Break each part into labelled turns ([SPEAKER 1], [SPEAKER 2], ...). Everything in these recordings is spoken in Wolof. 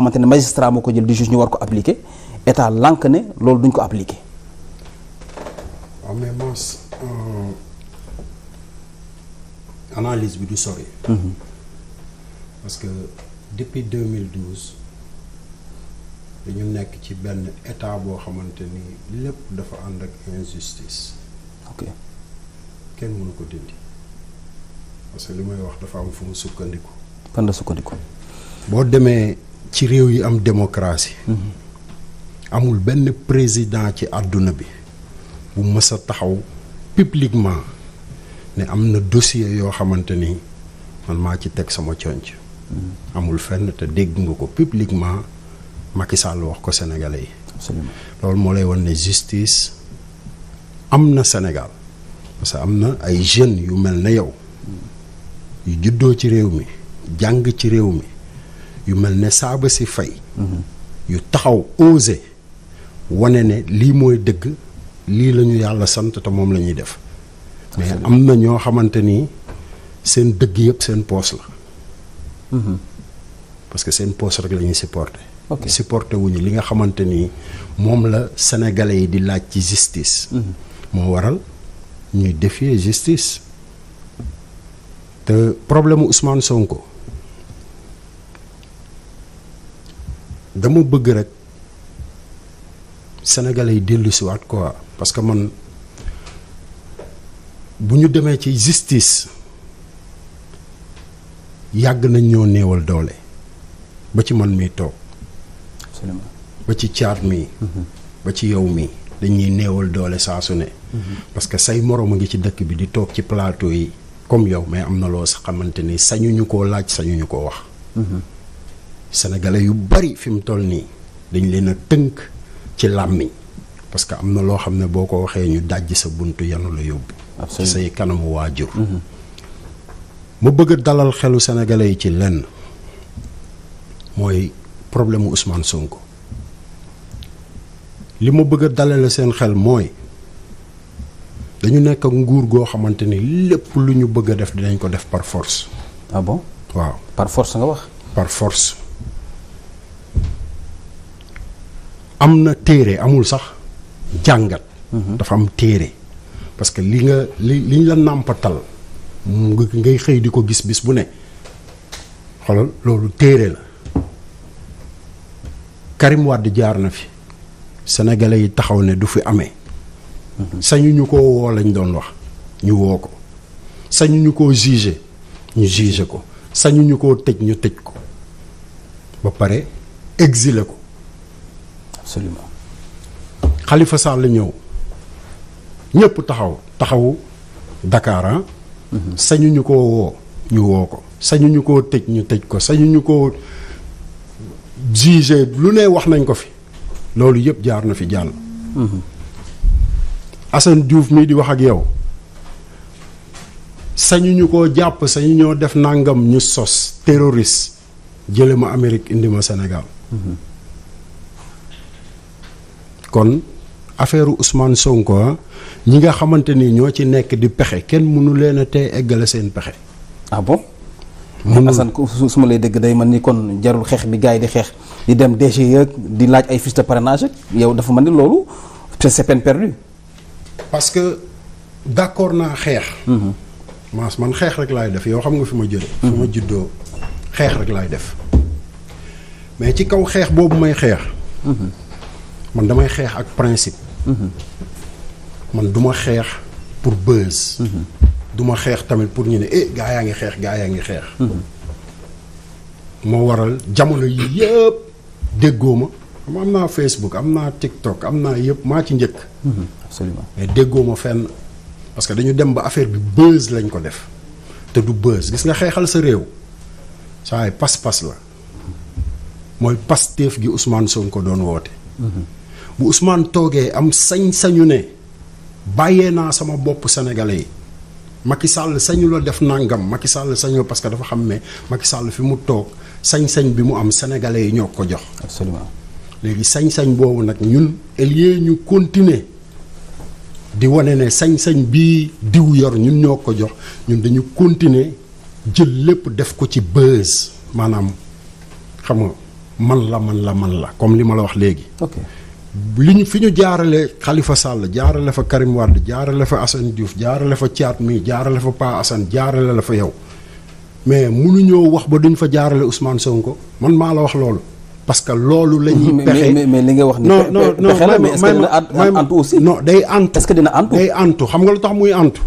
[SPEAKER 1] xamante ne magistrat moo ko jël di juge ñu war ko appliquer état lànk ne loolu duñ ko appliquer.
[SPEAKER 2] waaw mais Mass euh, analyse bi du sori. Mhm. parce que depuis 2012 dañu nekk ci benn état boo xamante ni lépp dafa ànd ak injustice. ok kenn mënu ko dindi parce que may wax dafa am fu mu sukkandiku.
[SPEAKER 1] fan la sukkandiku. boo demee. ci
[SPEAKER 2] réew yi am démocratie amul benn président ci àdduna bi bu mës taxaw publiquement ne am na dossier yoo xamante ni man maa ci teg sama conc amul fenn te dégg nga ko publiquement Macky Sall wax ko sénégalais yi loolu moo lay won ne justice am na Sénégal parce que am na ay jeunes yu mel ne yow yu juddoo ci réew mi jàng ci réew mi yu mel ne saaba si fay yu taxaw osé wane ne lii mooy dëgg lii la ñu yàlla sant te moom la ñuy def mais am na ñoo xamante ni seen dëgg yëpp seen poos la mm-hmm. parce que seen poos rek la ñuy supporter wuñu li nga xamante ni moom la sénégalais yi di laaj ci sistis mm-hmm. moo waral ñuy défier justice te problème Ousmane Sonko dama bëgg rek sénégalais yi dellu si waat quoi parce que man bu ñu demee ci justice yàgg nañ ñoo néewal doole ba ci man mii toog ba ci caat mii mhm. ba ci yow mii dañuy néewal doole saa su ne mhm. parce que say moroom a ngi ci dëkk bi di toog ci plateau yi comme yow mais am na loo xamante ni sañuñu koo laaj sañuñu ko wax mhm. sénégalais yu bari fi mu toll nii dañ leen a tënk ci làmmiñ parce que am na loo xam ne boo ko waxee ñu dajj sa buntu yanu la yóbbu. ci say kanamu waajur. Mm-hmm. mu bëgg dalal xelu sénégalais yi ci lenn mooy problème mu Ousmane Sonko li ma bëgg dalale seen xel mooy dañu nekk nguur goo xamante ni lépp lu ñu bëgg a def dinañ ko def par force. ah waaw par nga wax. am na téere amul sax jàngat. Mhm. dafa am téere parce que li nga li liñ la nàmpatal ngay xëy di ko gis bis bu ne xoolal loolu téere la Karim Wade jaar na fi sénégalais yi taxaw ne du fi amee. Mhm. sañu ñu ko woo lañ doon wax ñu woo ko sañu ñu koo juger ñu juger ko sañu ñu koo tëj ñu tëj ko ba pare exiler ko. absolument Khalifa ñëw ñëpp taxaw taxawu Dakar ah. Mhm. sañu ñu ko woo ñu woo ko sañu ñu ko tëj ñu tëj ko sañu ñu koo jugé lu ne wax nañ ko fi loolu yëpp jaar na fi jàll. Mhm. Assane Diouf mii di wax ak yow sañu ñu koo jàpp sañu ñoo def nangam ñu sos terroriste jële ma Amérique indi ma Sénégal. Mhm. kon affaire Ousmane Sonko ñi nga xamante ni ñoo ci nekk di pexe kenn mënu leen a tey eggale seen pexe.
[SPEAKER 1] ah bon. mënul ah, Assane su ma lay dëgg day man ni kon jarul xeex bi gars yi di xeex di dem DG di laaj ay fiches de parrainage dafa mën ni loolu c'est peine perdue. parce que d'accord naa xeex. Mm-hmm. maas man xeex rek laay
[SPEAKER 2] def yow xam nga fi ma jël fi ma mm-hmm. juddoo xeex rek laay def mais ci kaw xeex boobu may xeex. Mm-hmm. man damay xeex ak principe. Mhm. man duma xeex pour buzz. Mhm. du ma xeex tamit pour ñu ne eh gaa yaa ngi xeex gaa yaa ngi xeex. Mhm. moo waral jamono yii yëpp déggoo ma am naa Facebook am naa TikTok am naa yëpp maa ci njëkk. absolument déggoo ma fenn parce que dañu dem ba affaire bi buzz lañ ko def te du buzz gis nga xeexal sa réew saa yi pas-pas la mooy Pastef gi soon ko doon woote. bu Ousmane toogee am sañ-sañu ne bàyyee naa sama bopp sénégalais yi Macky Sall sañu la def nangam Macky Sall sañu la parce que dafa xam ne Macky Sall fi mu toog sañ-sañ bi mu am sénégalais yi ñoo ko jox. absolument léegi sañ-sañ boobu nag ñun ëllëgee ñu continuer di wane ne sañ-sañ bi diw yor ñun ñoo ko jox ñun dañu continuer jël lépp def ko ci buzz maanaam xam nga man la man la man la comme li ma la wax léegi. li ñu fi ñu jaarale Khalifa Sall jaarale fa Karim Wade jaarale fa Assane Diouf jaarale fa Thiat muy jaarale fa Pa Assane jaarale la fa yow mais mënuñoo wax ba duñu fa jaarale Ousmane Sonko man maa la wax loolu parce que loolu la ñuy pexe mais mais li nga wax ni non non
[SPEAKER 1] antu aussi non
[SPEAKER 2] day antu est que dina antu day xam nga lu tax muy antu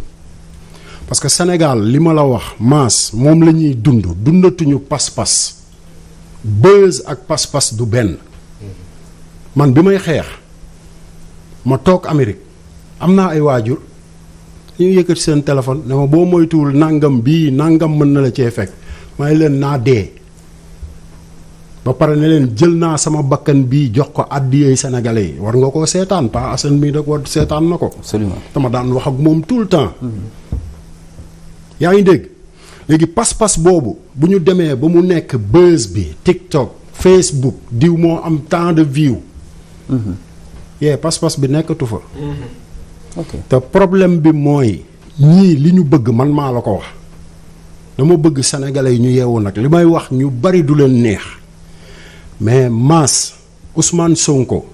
[SPEAKER 2] parce que Sénégal li ma la wax maas moom la ñuy dund dundatuñu pas-pas buzz ak pas-pas du benn man bi may xeex ma toog Amérique am naa ay waajur dañuy yëkkati seen téléphone ne boo moytuwul nangam bi nangam mën na la cee fekk may leen naa dee ba pare ne leen jël naa sama bakkan bii jox ko àddiyey sénégalais yi war nga koo seetaan pas Assane mii da ko seetaan na ko. absolument dama daan wax ak moom tout le temps. yaa ngi dégg léegi pas-pas boobu bu ñu demee ba mu nekk buzz bi TikTok Facebook diw moo am temps de view yee pas-pas bi nekkatu fa.
[SPEAKER 1] Mm-hmm.
[SPEAKER 2] te problème bi mooy ñii li ñu bëgg man maa la ko wax dama bëgg sénégalais yi ñu yeewu nag li may wax ñu bari du leen neex mais Mass Ousmane Sonko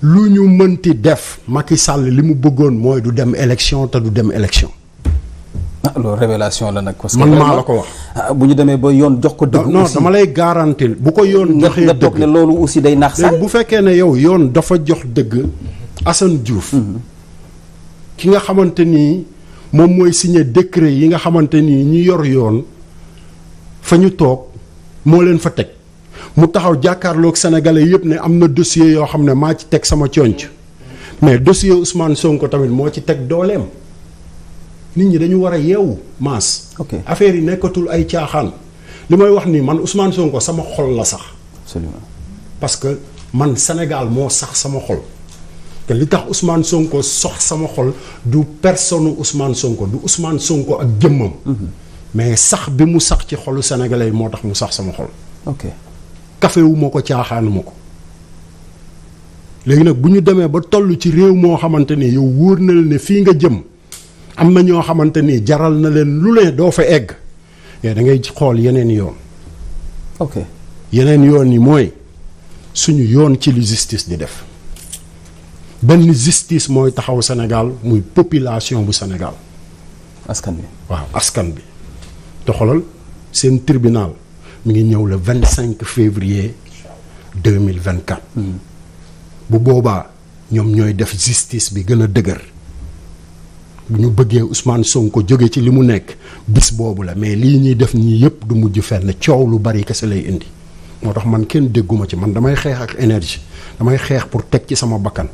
[SPEAKER 2] lu ñu mënti def Macky sàll li mu bëggoon mooy du dem élection te du dem élection.
[SPEAKER 1] Ah, loolu révélation la nag. parce que man maa la ko wax.
[SPEAKER 2] Ah, bu ñu demee ba yoon jox ko dëgg. non dama lay
[SPEAKER 1] garantil bu ko yoon. joxee dëgg nga toog loolu aussi day naax sax.
[SPEAKER 2] bu fekkee ne yow yoon dafa jox dëgg Assane Diouf. Mhm. ki nga xamante ni moom mooy signé décret yi nga xamante ni ñu yor yoon fa ñu toog moo leen fa teg mu taxaw jàkkaarlook sénégalais yëpp ne am na dossier yoo xam ne maa ci teg sama conc mais dossier Ousmane Sonko tamit moo ci teg dooleem. nit ñi dañu war a yeewu maas. ok affaire yi nekkatul ay caaxaan. li may wax nii man Ousmane Sonko sama xol la sax. absolument parce que man Sénégal moo sax sama xol. te li tax usmaan Sonko sox sama xol du personne Ousmane Sonko du usmaan Sonko ak jëmmam. Mhm. mais sax bi mu sax ci xolu sénégalais moo tax mu sax sama xol. ok kafe ko caaxaanuma ko. léegi nag bu ñu demee ba toll ci réew moo xamante ni yow wóor na la ne fii nga jëm. am na ñoo xamante ni jaral na leen lu lee doo fa egg yooyu da ngay xool yeneen yoon. ok yeneen yoon yi mooy suñu yoon ci li justice di def benn justice mooy taxaw Sénégal muy population bu Sénégal. askan bi waaw askan bi. te xoolal seen tribunal mu ngi ñëw le vingt cinq février deux mille vingt quatre. Hmm. bu boobaa ñoom ñooy def justice bi gën a dëgër. bu ñu bëggee Ousmane Sonko jóge ci li mu nekk bis boobu la mais lii ñuy def nii yëpp du mujj fenn coow lu bari kese lay indi moo tax man kenn dégguma ci man damay xeex ak énergie damay xeex pour teg ci sama bakkan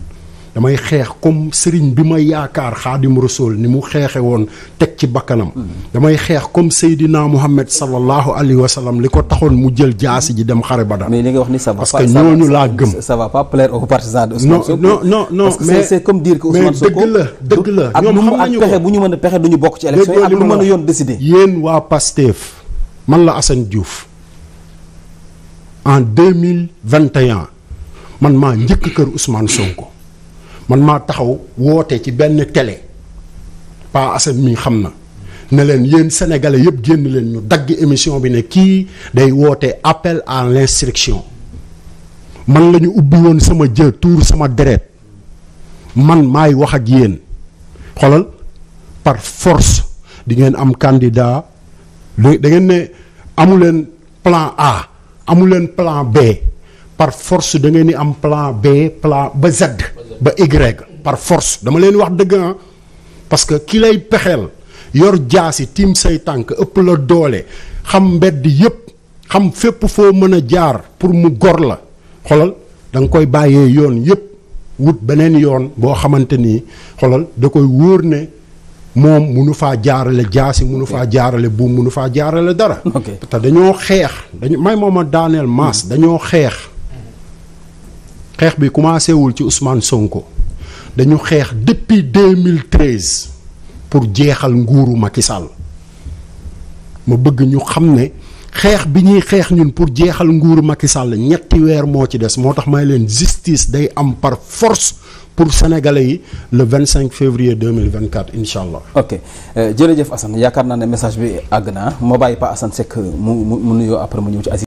[SPEAKER 2] damay xeex comme sëriñ bi ma yaakaar xaadim rasul ni mu xeexe woon teg ci bakkanam damay xeex comme Seydina Muhammad sallallahu alayhi wa sallam li ko taxoon mu jël jaasi ji dem xare ba mais li nga wax ni ça va parce que ñooñu
[SPEAKER 1] laa gëm ça va pas plaire aux partisans de Ousmane Sonko non non non parce mais dëgg la dëgg la ak ñoom xam a pexe du bokk ci élection yi ak lu mën a yoon décider yéen waa
[SPEAKER 2] Pastef man la Assane Diouf en 2021 man maa njëkk kër Ousmane Sonko man maa taxaw woote ci benn télé Pa Assane mi xam na ne leen yéen sénégalais yëpp génn leen ñu dagg émission bi ne kii day woote appel à l'instruction man lañu ñu ubbi woon sama jë tuur sama deret man maay wax ak yéen xoolal par force di ngeen am candidat da ngeen ne amu leen plan A amu leen plan B par force da ngeen di am plan B plan ba Z. ba Y par force dama leen wax dëgg ah parce que ki lay pexeel yor jaasi tiim say tànk ëpp la doole xam mbedd yépp xam fépp foo mën a jaar pour mu gor la xolal da nga koy bàyyee yoon yépp wut beneen yoon boo xamante ni xolal da koy wóor ne moom munu faa jaarale jaasi munu faa jaarale buum munu faa jaarale dara te dañoo xeex dañu may mooma daaneel maas dañoo xeex xeex bi commencé wul ci Ousmane Sonko dañu xeex depuis 2013 pour jeexal nguuru Macky Sall ma bëgg ñu xam ne xeex bi ñuy xeex ñun pour jeexal nguuru Macky Sall ñetti weer moo ci des moo tax may leen justice day am par force pour sénégalais yi le
[SPEAKER 1] 25 février 2024 incha allah. ok euh, jërëjëf Assane yaakaar naa ne message bi àgg naa moo bàyyi Pa Assane Seck mu mu mu nuyoo après mu ñëw ci.